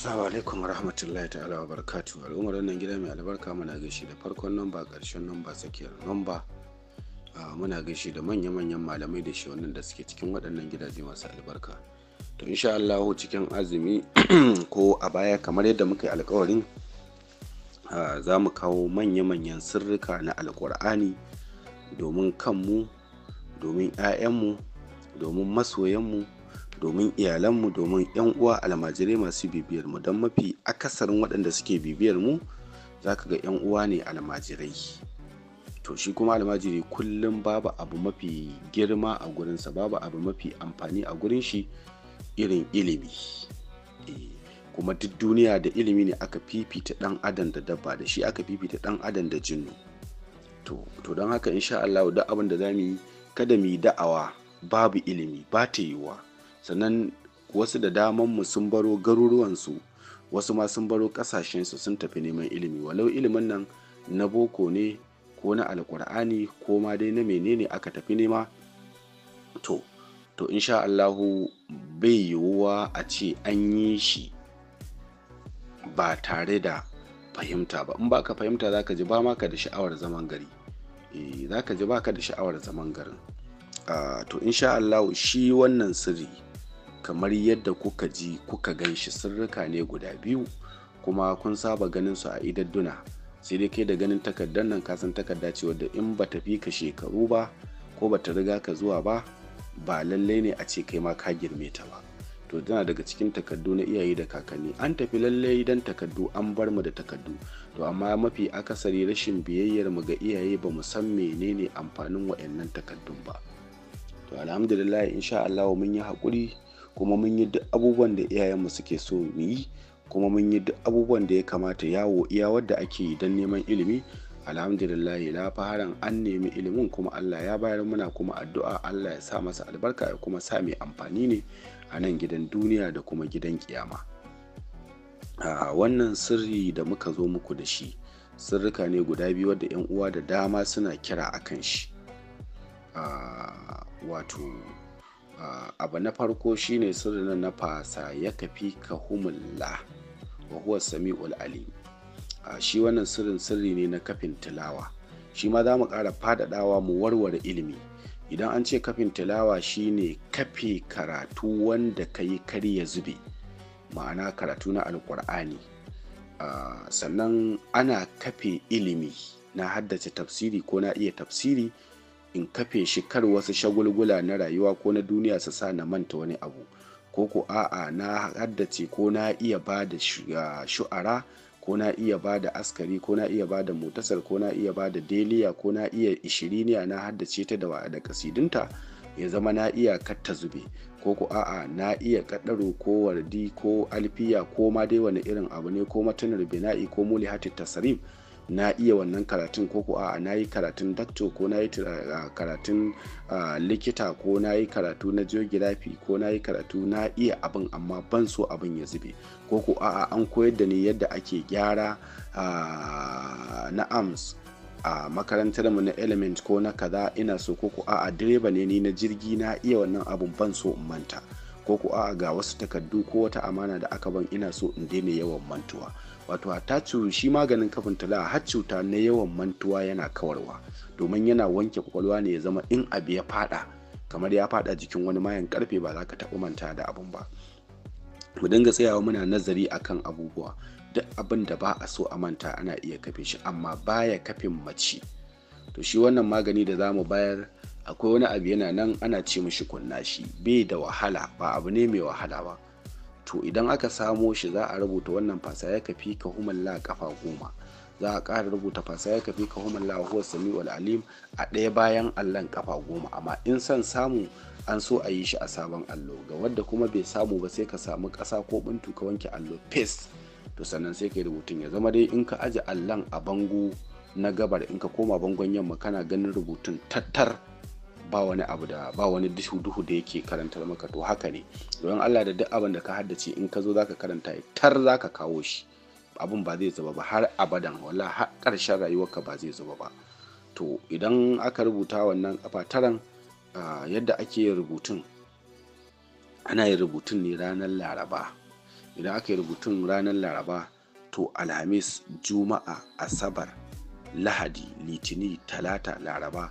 Assalamu alaikum rahmatullahi ta'ala wa barakatu al'ummar wannan gida mai albarka muna gaishe da farkon namba ƙarshen namba tsakiyar namba ah, muna gaishe da manya-manyan malamai da shewannin da suke cikin waɗannan gidaje masu albarka to insha Allah cikin azumi ko a baya kamar yadda muka yi alkawarin ah, za mu kawo manya-manyan sirrika na alkur'ani domin kanmu domin 'ya'yanmu domin masoyanmu domin iyalanmu domin 'yan uwa almajirai masu bibiyar mu don mafi akasarin waɗanda suke bibiyar mu za ka ga 'yan uwa ne almajirai to shi kuma almajiri kullum babu abu mafi girma a gurinsa babu abu mafi amfani a gurin shi irin ilimi eh, kuma duk duniya da ilimi ne aka fifita dan adam da dabba da shi aka fifita dan adam da jinnu to don haka insha Allah duk abin da za mu yi kada mu yi da'awa babu ilimi ba ta yiwuwa sannan wasu da daman mu sun baro garuruwansu wasu ma sun baro ƙasashensu sun tafi neman ilimi walau ilimin nan na boko ne ko na alkur'ani ko ma dai na menene aka tafi nema to to insha allahu bai yiwuwa a ce an yi shi ba tare da fahimta ba in baka fahimta za ka ji ba maka da sha'awar zaman gari eh, za ka ji baka da sha'awar zaman garin ah, to insha allahu shi wannan sirri kamar yadda kuka ji kuka gan shi sirrika ne guda biyu kuma kun saba ganin su a idadduna sai dai kai da ganin takardar nan ka san takarda ce wadda in ba ta fi ka shekaru ba ko ba ta riga ka zuwa ba ba lallai ne a ce kai ma ka girme ta ba to tana daga cikin takardu na iyaye da kakanni an tafi lallai dan takardu an bar mu da takardu to amma mafi akasari rashin biyayyar mu ga iyaye ba mu san menene amfanin waɗannan takardun ba to alhamdulillah insha Allah mun yi haƙuri kuma mun yi duk abubuwan da iyayenmu suke so mu yi kuma mun yi duk abubuwan da ya kamata yawo iya wadda ake yi don neman ilimi alhamdulillahi la faharan an nemi ilimin kuma allah ya bayar muna kuma addu'a allah ya sa masa albarka ya kuma sa mai amfani ne a nan gidan duniya da kuma gidan kiyama a wannan sirri da muka zo muku da shi sirrika ne guda biyu wadda 'yan uwa da dama suna kira a kan shi wato abu na farko shine sirrin na fasa ya kafi ka humulla wa huwa sami'ul ulali shi wannan sirrin sirri ne na kafin tilawa shi ma za mu ƙara faɗaɗawa mu warware ilimi idan an ce kafin tilawa shine kafe karatu wanda ka yi karya zube ma'ana karatu na alƙur'ani sannan ana kafe ilimi na haddace tafsiri ko na iya tafsiri in kafe shi kar wasu shagulgula na rayuwa ko na duniya su sa na manta wani abu ko ku a'a na haddace ko na iya ba da ah, shu'ara ko na iya ba da askari ko na iya ba da motasar ko na iya ba da deliya ko na iya ishiriniya na haddace ta da da kasidinta ya zama na iya katta zube ko ko a'a na iya kaddaro ko wardi ko alfiya ko ma dai wani irin abu ne ko matanar bina'i ko mulihati tasarif na iya wannan karatun ko ko a'a na yi karatun dakto ko na yi karatun likita ko na yi karatu na geography ko na yi karatu na iya abin amma ban so abin ya zube ko ko a'a an koyar da ni yadda ake gyara na arms a makarantar mu na element ko na kaza ina so ko ko a'a direba ne ni na jirgi na iya wannan abun ban so in manta ko ku a ga wasu takardu ko wata amana da aka ban ina so in daina yawan mantuwa wato tacu shi maganin kafin tala har cuta na yawan mantuwa yana kawarwa domin yana wanke kwakwalwa ne ya zama in abu ya fada kamar ya fada jikin wani mayan karfe ba za ka taɓa manta da abun ba mu dinga tsayawa muna nazari akan abubuwa duk abin da ba a so a manta ana iya kafe shi amma baya kafin mace to shi wannan magani da za mu bayar akwai wani abu yana nan ana ce mishi kunna shi bai da wahala ba abu ne mai wahala ba to idan aka samo shi za a rubuta wannan fasa ya kafi ka humalla kafa goma za a ƙara rubuta fasa ya kafi ka humalla huwa sami'ul alim a ɗaya bayan allon kafa goma amma in son samu an so a yi shi a sabon allo ga wadda kuma bai samu ba sai ka samu ƙasa ko bintu ka wanke allo paste to sannan sai ka yi rubutun ya zama dai in ka aje allon a bango na gabar in ka koma bangon yamma kana ganin rubutun tattar ba wani abu da ba wani duhu duhu da yake karantar maka to haka ne don Allah da duk abin da ka haddace in ka zo za ka karanta tar ka kawo shi abin ba zai zuba ba har abadan wala har ƙarshen rayuwarka ba zai zuba ba to idan aka rubuta wannan kafa taran yadda ake yin rubutun ana yin rubutun ne ranar laraba idan aka yi rubutun ranar laraba to alhamis juma'a asabar lahadi litini talata laraba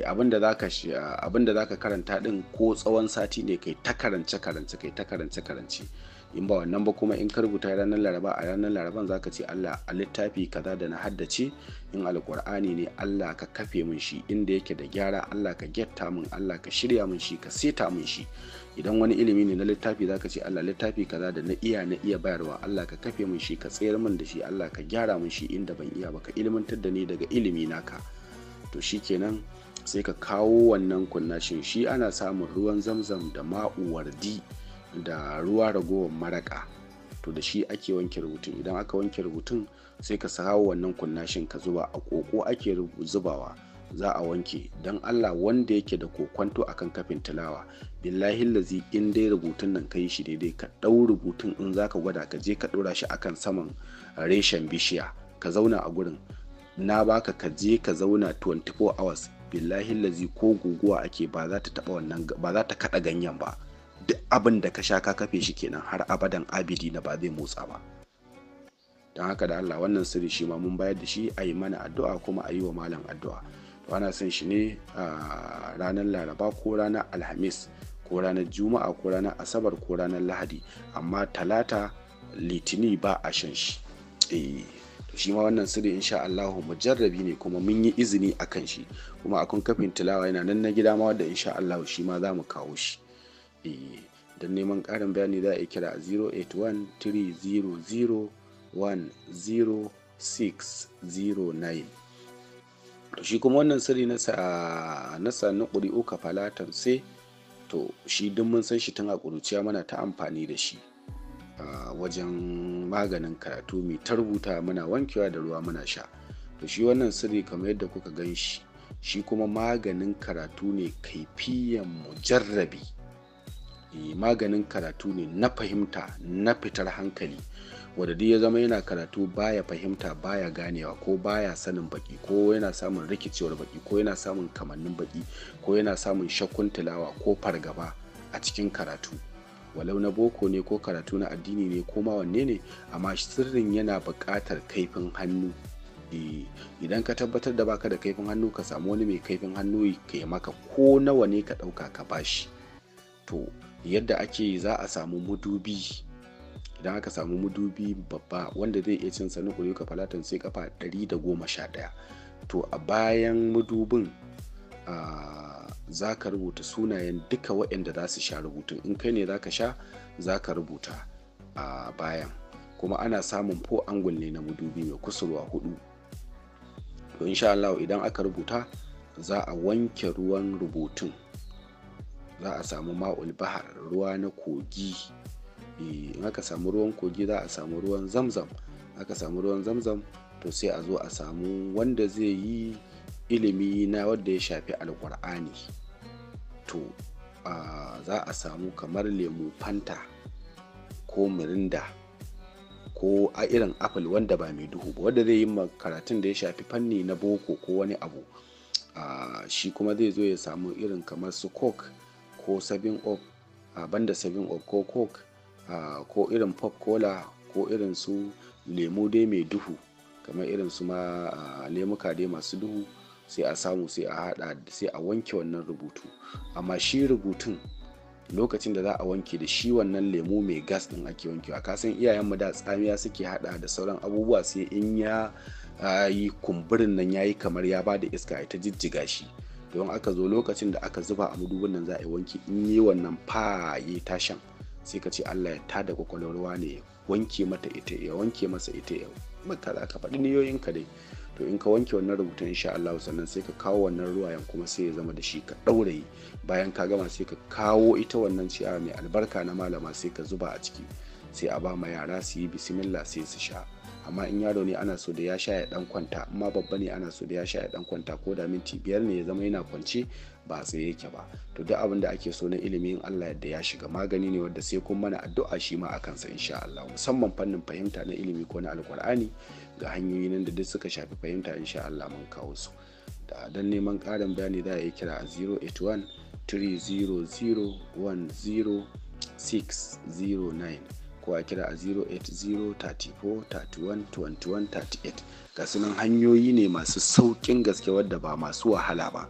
kai abinda zaka shi abinda ka karanta din ko tsawon sati ne kai ta karance karance kai ta karance karance in ba wannan ba kuma in ka rubuta ranar laraba a ranar laraban ka ce Allah a littafi kaza da na haddace in alkur'ani ne Allah ka kafe min shi inda yake da gyara Allah ka getta min Allah ka shirya min shi ka seta mun shi idan wani ilimi ne na littafi za ka ce Allah littafi kaza da na iya na iya bayarwa Allah ka kafe mun shi ka tsayar mun da shi Allah ka gyara mun shi inda ban iya ba ka ilimantar da ni daga ilimi naka to kenan. sai ka kawo wannan kunnashin shi ana samun ruwan zamzam da ma'uwardi da ruwa ragowar maraka to da shi ake wanke rubutun idan aka wanke rubutun sai ka sawo wannan kunnashin ka zuba a koko ake zubawa za a wanke don allah wanda yake da kokwanto akan kafin tilawa billahi lazi in dai rubutun nan ka yi shi daidai ka ɗau rubutun in za ka gwada ka je ka ɗora shi akan saman reshen bishiya ka zauna a gurin na baka ka je ka zauna 24 hours billahi lazi ko guguwa ake ba za ta taba wannan ba za ta kada ganyen ba duk abin da ka sha ka kafe shi kenan har abadan abidi na ba zai motsa ba don haka da Allah wannan sirri shi ma mun bayar da shi a yi mana addu'a kuma a yi wa malam addu'a to ana son shi ne a ranar laraba ko ranar alhamis ko ranar juma'a ko ranar asabar ko ranar lahadi amma talata litini ba a shan shi eh. shi ma wannan sirri insha Allahu mujarrabi ne kuma mun yi izini akan shi kuma akun kafin tilawa yana nan na gida ma wanda insha Allahu shi ma za mu kawo shi eh, don neman ƙarin bayani za a yi kira 081-300-10609 shi kuma wannan sirri na sanin ƙuri'u kafalatan sai to shi duk mun san shi tun a ƙuruciya mana ta amfani da shi wajen maganin karatu mai ta rubuta muna wankewa da ruwa muna sha to shi wannan sirri kamar yadda kuka gan shi shi kuma maganin karatu ne kaifiyan mujarrabi eh, maganin karatu ne na fahimta na fitar hankali wadda duk ya zama yana karatu baya fahimta baya ganewa ko baya sanin baki ko yana samun rikicewar baki ko yana samun kamannin baki ko yana samun shakkun tilawa ko fargaba a cikin karatu walau na boko ne ko karatu na addini ne ko ma wanne ne amma sirrin yana buƙatar kaifin hannu e, idan ka tabbatar da baka da kaifin hannu ka samu wani mai kaifin hannu ka maka ko nawa ne ka ɗauka ka bashi to yadda ake za a samu mudubi idan aka samu mudubi babba wanda zai iya cin sanu koyo falatan sai kafa 111 to a bayan mudubin a za ka rubuta sunayen duka waɗanda za su sha rubutun in kai ne za ka sha za ka rubuta a bayan kuma ana samun po angul ne na madubi mai kusurwa hudu to insha Allah idan aka rubuta za a wanke ruwan rubutun za a samu ma'ul bahar ruwa na kogi eh, in aka samu ruwan kogi za a samu ruwan zamzam aka samu ruwan zamzam to sai a zo a samu wanda zai yi ilimi na wadda ya shafi alkur'ani to uh, za a samu kamar lemu fanta ko mirinda ko a irin apple wanda ba mai duhu ba wanda zai yi karatun da ya shafi fanni na boko ko wani abu uh, shi kuma zai zo ya samu irin kamar su coke ko sabin up banda sabin up ko coke ko irin pop cola ko irin su lemu dai mai duhu kamar irin su ma lemuka dai masu duhu sai a samu sai a hada sai a wanke wannan rubutu amma shi rubutun lokacin da za a wanke da shi wannan lemu mai gas din ake wankewa kasan iyayenmu da tsamiya suke hada da sauran abubuwa sai in ya yi kumburin nan ya yi kamar ya ba da iska ita jijjiga shi don aka zo lokacin da aka zuba a mudubin nan za a yi wanke in yi wannan fa ya tashan sai ka ce allah ya tada kwakwalwar ne wanke mata ita ya wanke masa ita ya maka za ka faɗi niyoyin ka dai to in ka wanke wannan rubutun insha Allah sannan sai ka kawo wannan ruwayan kuma sai ya zama da shi ka ɗauraye bayan ka gama sai ka kawo ita wannan ciyawa mai albarka na malama sai ka zuba a ciki sai a ba ma yara su yi bismillah sai su sha amma in yaro ne ana so da ya sha ya dan kwanta amma babba ne ana so da ya sha ya dan kwanta ko da minti biyar ne ya zama yana kwance ba tsaye yake ba to duk abin da ake so na ilimi Allah yadda ya shiga magani ne wanda sai kun mana addu'a shi ma a kansa insha Allah musamman fannin fahimta na ilimi ko na alkur'ani ga hanyoyi nan da duk suka shafi fahimta insha Allah mun kawo su da dan neman karin bayani za a yi kira a 081 300 ko a kira a 08034312138 ga sunan hanyoyi ne masu sauƙin gaske wadda ba masu wahala ba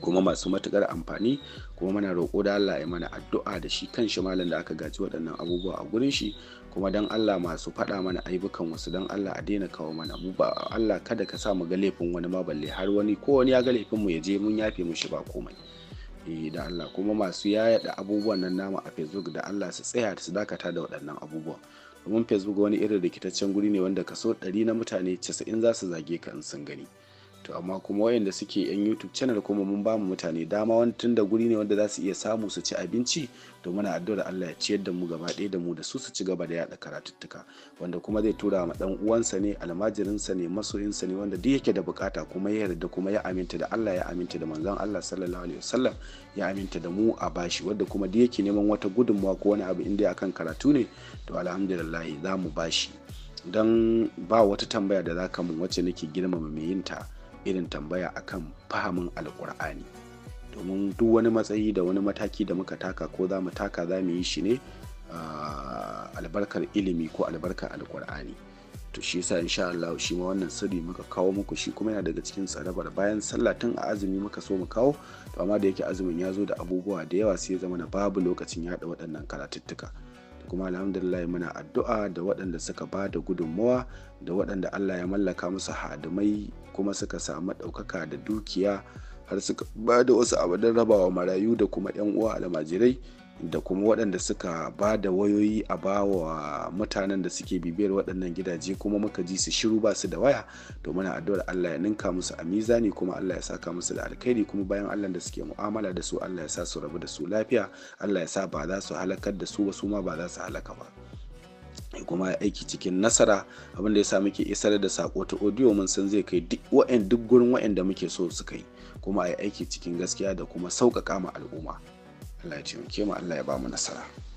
kuma masu matukar amfani kuma muna roƙo da Allah ya mana addu'a da shi kan shi malam da aka gaji waɗannan abubuwa a gurin shi kuma dan Allah masu faɗa mana ayyukan wasu dan Allah a daina kawo mana mu ba Allah kada ka sa mu ga laifin wani ma balle har wani ko wani ya ga laifin mu ya je mun yafe mushi ba komai eh da Allah kuma masu da abubuwan nan nama a Facebook da Allah su tsaya su dakata da waɗannan abubuwa domin Facebook wani irin rikitaccen guri ne wanda kaso 100 na mutane 90 za su zage ka in sun gani to amma kuma wayanda suke yan youtube channel kuma mun ba mu mutane dama wani tun da guri ne wanda za su iya samu su ci abinci to muna addu'ar Allah ya ciyar da mu gaba ɗaya da mu da su su ci gaba da yaɗa karatuttuka wanda kuma zai tura ma dan uwansa ne almajirinsa ne masoyinsa ne wanda duk yake da bukata kuma ya yarda kuma ya aminta da Allah ya aminta da manzon Allah sallallahu alaihi wasallam ya aminta da mu a bashi wanda kuma duk yake neman wata gudunmawa ko wani abu inda akan karatu ne to alhamdulillah za mu bashi dan ba wata tambaya da za ka mun wacce nake girmama mai yinta irin tambaya akan fahimin alkur'ani domin duk wani matsayi da wani mataki da muka taka ko za mu taka za mu yi shi ne ah, albarkar ilimi ko albarkar alkur'ani to shi yasa insha Allah shi ma wannan sirri muka kawo muku shi kuma yana daga cikin tsarabar bayan sallah tun a azumi muka so mu kawo to amma da yake azumin ya zo da abubuwa da yawa sai ya zama na babu lokacin yaɗa waɗannan karatuttuka kuma alhamdulillah muna addu'a da waɗanda suka ba da gudunmawa da waɗanda Allah ya mallaka musu hadimai kuma suka samu ɗaukaka da dukiya har suka ba da wasu abadan rabawa marayu da kuma 'yan uwa almajirai da kuma waɗanda suka ba da wayoyi a ba wa mutanen da suke bibiyar waɗannan gidaje kuma muka ji su shiru ba su da waya to muna addu'ar Allah ya ninka musu a mizani kuma Allah ya saka musu da alkhairi kuma bayan Allah da suke mu'amala da su Allah ya sa su rabu da su lafiya Allah ya sa ba za su halakar da su ba su ma ba za su halaka ba kuma aiki cikin nasara abin da ya sa muke isar da sako ta audio mun san zai kai duk wa'en duk gurin wa'in da muke so su kai kuma a yi aiki cikin gaskiya da kuma sauƙaƙa ma al'umma Allah ya ce mu Allah ya ba mu nasara